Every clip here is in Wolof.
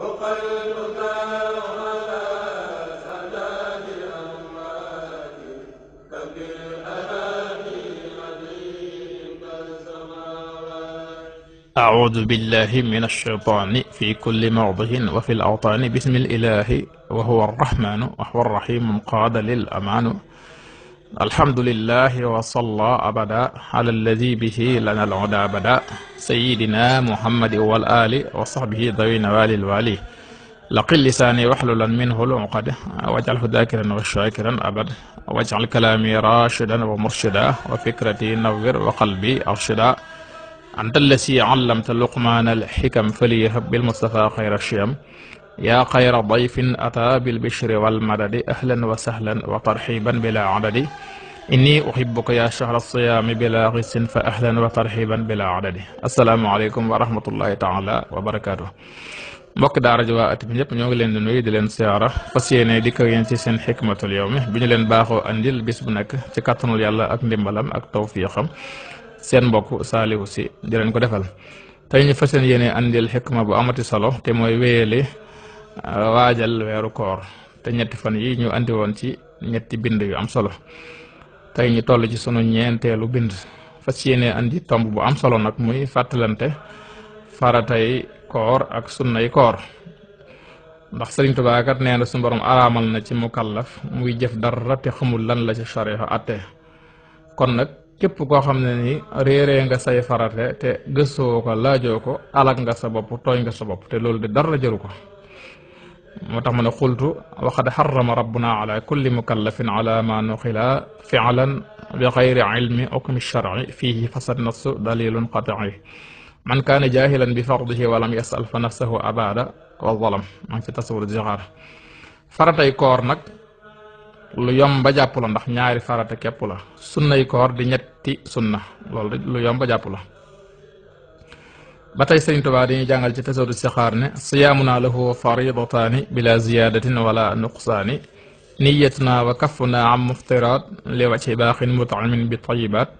أعوذ بالله من الشيطان في كل موضع وفي الأوطان بسم الإله وهو الرحمن وهو الرحيم قاد للأمان alhamdulilah wa salla abada ala alladi bihi lana alhuda abada sayidina muhammadi wal ali wa sahbihi dawi nawalil wali laqil lisaani waxlulan minhu luqad wajcal hudakiran wa shakiran abad wajcal kalaami rashidan wa murshida wa fikrati nawir wa qalbi arshida anta allasi allamta luqmaana alxikam faliyahab bilmustafa xayra shiyam yaa xayra dayfin ataa bil bishri wal madadi ahlan wa sahlan wa tarxiban bila adadi inni uhibbuka yaa shahra siyaami bila xisin fa ahlan wa tarxiban bila adadi asalaamaaleykum wa rahmatullahi taala wa barakaatu mbokk daara ji waa at bi ñëpp ñoo ngi leen di nuyu di leen siyaara si yéene di ko yéen ci seen xikmatul yawmi bi ñu leen baaxoo andil bis bu nekk ci kàttanul yàlla ak ndimbalam ak tawfiixam seen mbokk Saliou Sy di leen ko defal tey ñu fas yéene andil xikma Ah, waajal weeru koor te ñetti fan yi ñu andi woon ci ñetti bind yu am solo tey ñu toll ci sunu ñeenteelu bind fas yéene andi tomb bu am solo nag muy fàttalante faratay koor ak sunnay koor ndax sëriñ Tuubaa kat nee na suñu borom araamal na ci mukallaf muy jëf dara te xamul lan la ci sariya ate kon nag képp koo xam ne ni réeree nga say farate te gëstoo ko laajoo ko alak nga sa bopp tooñ nga sa bopp te loolu de dara jëru ko moo tax ma ne xultu waxad xarama rabbuna ala kulli mukallafin ala ma nuqila fialan bi xayri ilmi okmi sharci fiihi fasad nassu dalilun qatci man kaana jahilan bi fa nafsahu abada wa faratay koor nag lu yomba jàpp ndax ñaari farata képp la sunnay koor di ñetti sunna loolu lu yomba jàpp ba tey sëriñ tubaa dañuy jàngal ci tasawdu sixaar ne siyaamunaa lahu faridataani bila ziyadatin wala nuqsaani niyatunaa wa kaffunaa am muftiraat li wajhi baaxin mutaamin bi tayibaat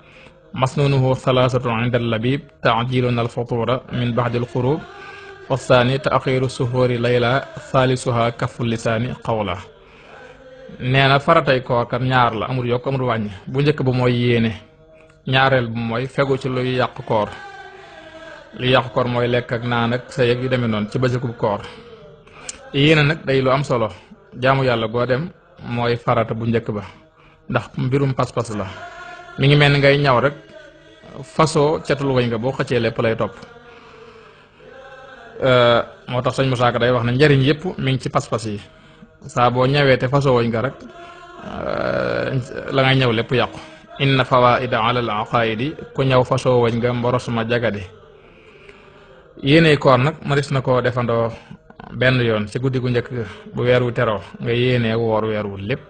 masnuunuhu salaasatu inda allabib taajiluna alfutuura min baxdi alxurub wasaani taaxiru na faratay koor kat ñaar la yokk amul wàññ bu njëkk ba mooy yéene ñaareel bu mooy fegu ci luy yàq koor li yàqu koor mooy lekk ak naa nag sa yeeg yu demee noonu ci bëccëgu koor yéene nag day lu am solo jaamu yàlla goo dem mooy farata bu njëkk ba ndax mbirum pas-pas la mi ngi mel ni ngay ñaw rek façon cetul wëñ nga boo xëccee lépp lay topp euh, moo tax sañ Musaa Ka day wax ne njariñ yëpp mi ngi ci pas-pas yi saa boo ñawee te façon wañ nga rek euh, la ngay ñaw lépp yàqu inna fawaida ala al aqaidi ku ñaw façon wañ nga mboros ma jagadi yéene koor nag mënees na koo defandoo benn yoon ci guddi gu njëkk bu weer wu teroo nga yéene woor weer wu lépp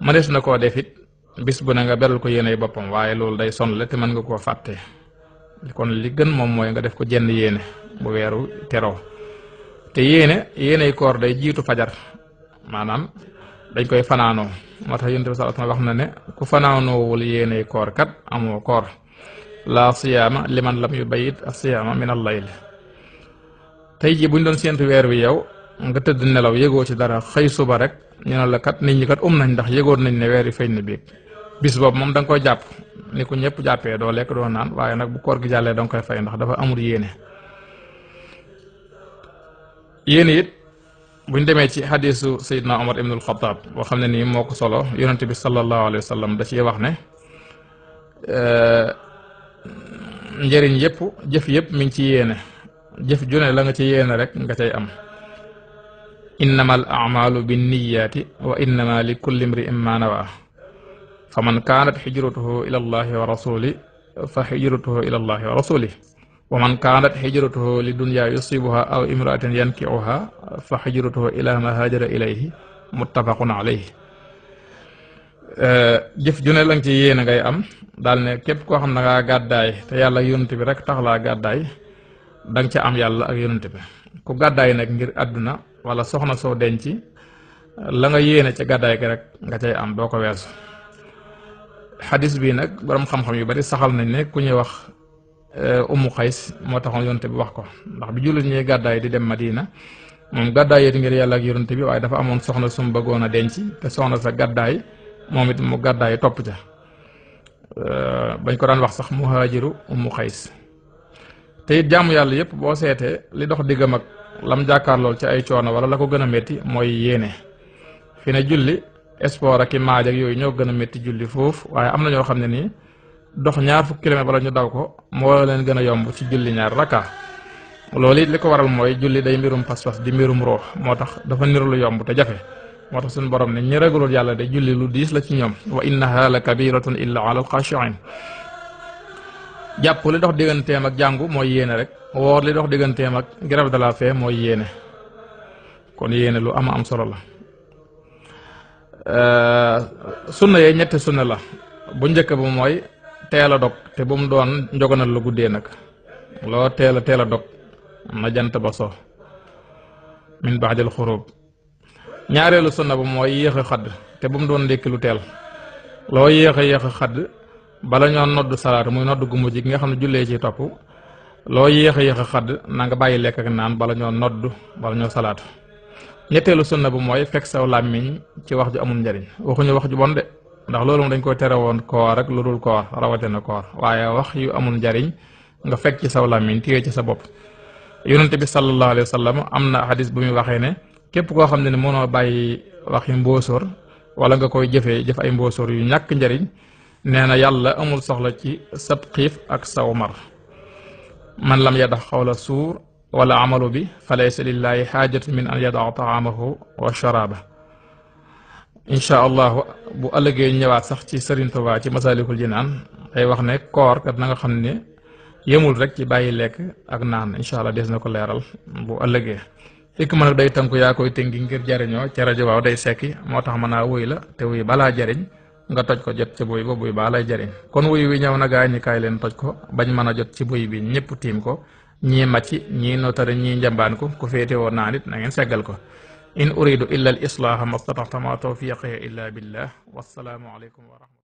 mënees na koo def it bis bu ne nga beral ko yéene boppam waaye loolu day sonle te mën nga koo fàtte kon li gën moom mooy nga def ko jenn yéene bu weeru teroo te yéene yéeney koor day jiitu fajar maanaam dañ koy fanaanoo moo tax yonent bi sallallahu alayhi wasallam wax na ne ku fanaanoowul yéeney koor kat amoo koor laa siyaama liman lam yu bayit asiyaama min al-layl tey jii buñ doon séentu weer wi yow nga tëdd nelaw yëgoo ci dara xëy suba rek ñu ne la kat nit ñi kat um nañ ndax yëgoon nañ ne weer wi feeñ na biig bis boobu moom danga nga koy jàpp ni ko ñëpp jàppee doo lekk doo naan waaye nag bu koor gi jàllee da nga koy fay ndax dafa amul yéene yéene it buñ demee ci xadisu sayidna omar ibnul xataab boo xam ne nii moo ko solo yonente bi sallallahu alayhi wax ne njëriñ yëpp jëf yëpp mi ngi ci yéene jëf ju ne la nga ci yéene rek nga cay am innama al amalu binniyaati wa innama li kulli mri'in ma nawa fa man kaanat hijratuhu ila allahi fa hijratuhu ila allahi wa man kaanat hijratuhu li dunya yusibuha aw imraatin yankiuha fa hijratuhu ila ma haajara ilayhi muttafaqun alayhi jëf ju ne la ci yéene ngay am daal ne képp koo xam ne ngaa gàddaay te yàlla yonent bi rek tax laa gàddaay danga ca am yàlla ak yonent bi ku gàddaay nag ngir àdduna wala soxna soo denc la nga yéene ca gàddaay gi rek nga cay am doo ko weesu xadis bii nag boroom xam-xam yu bari saxal nañ ne ku ñuy wax eh, umu xays moo taxoon yonent bi wax ko ndax bi jullit ñuy gàddaay di dem Madina moom gàddaay yit ngir yàlla ak yonent bi waaye dafa amoon soxna su mu bëggoon a denc te soxna sa gàddaay moom it mu gàddaay topp ca Euh, bañ ko daan wax sax muhaajiru ummu xays te tey jàmm yàlla yëpp boo seetee li dox diggam ak lam jàkkaarlool ci ay coono wala la ko gën a metti mooy yéene fi ne julli sport ak i maaj ak yooyu ñoo gën a métti julli foofu waaye am na ñoo xam ne nii dox ñaar fukki kilomètre wala ñu daw ko moo leen gën a yomb ci julli ñaar rakka loolu it li ko waral mooy julli day mbirum pas-pas di mbirum roox moo tax dafa niru lu yomb te jafe. moo tax suñu borom ne ñi ragalul yàlla de julli lu diis la ci ñoom wa innaha la kabiratun illa ala alxaashiin jàpp li dox digganteem ak jàngu mooy yéene rek woor li dox digganteem ak grève de la faim mooy yéene kon yéene lu ama am solo la euh, sunna yee ñetti sunna la bu njëkk ba mooy teel a dog te bu mu doon njogonal lu guddee nag loo teel a teel a dog na jant ba so min baadil xurub ñaareelu sunna ba mooy yéex xadd te bu mu doon ndékki lu teel loo yéex a yéex xadd bala ñoo nodd salaata muy nodd gu mujj gi nga xam ne jullee ci topp loo yéex a xadd na nga bàyyi lekk ak naan bala ñoo nodd bala ñoo salaatu ñetteelu sunna bu mooy fekk saw làmmiñ ci wax ju amul njariñ waxuñu wax ju bon de ndax loolu moom dañ koy tere woon koor ak lu dul koor na koor waaye wax yu amul njariñ nga fekk ci saw làmmiñ téye ci sa bopp yonente bi sallallahu alayhi wa sallam am na hadis bu muy waxee ne képp koo xam ne ne mënoo bàyyi waxi mbóosóor wala nga koy jëfee jëf ay mbóosóor yu ñàkk njariñ nee na yàlla amul soxla ci sab xiif ak saw mar man lam yadax xawla suur wala amalu bi fa laysa lillaahi xaajatu min an yadaa taamahu wa sharaaba incha allahu bu ëllëgee ñëwaat sax ci Sëriñ Tuubaa ci Masaalikul Jinaan day wax ne koor kat na xam ne yemul rek ci bàyyi lekk ak naan incha allah des na ko leeral bu ëllëgee fekk ma nag day tënku yaa koy tënki ngir jariñoo ca rajo waaw day sekki moo tax ma naa wuy la te wuy balaa jariñ nga toj ko jot ci buy ba buy baa lay jariñ kon wuy wi ñaw na gaa kaay leen toj ko bañ mën a jot ci buy bi ñëpp tiim ko ñii macc ñii notari ñii njambaan ko ku féete woon naa nit na ngeen seggal ko in uridu illa al islaaha mastataxtama tawfiqi illa billah wassalaamu aleykum wa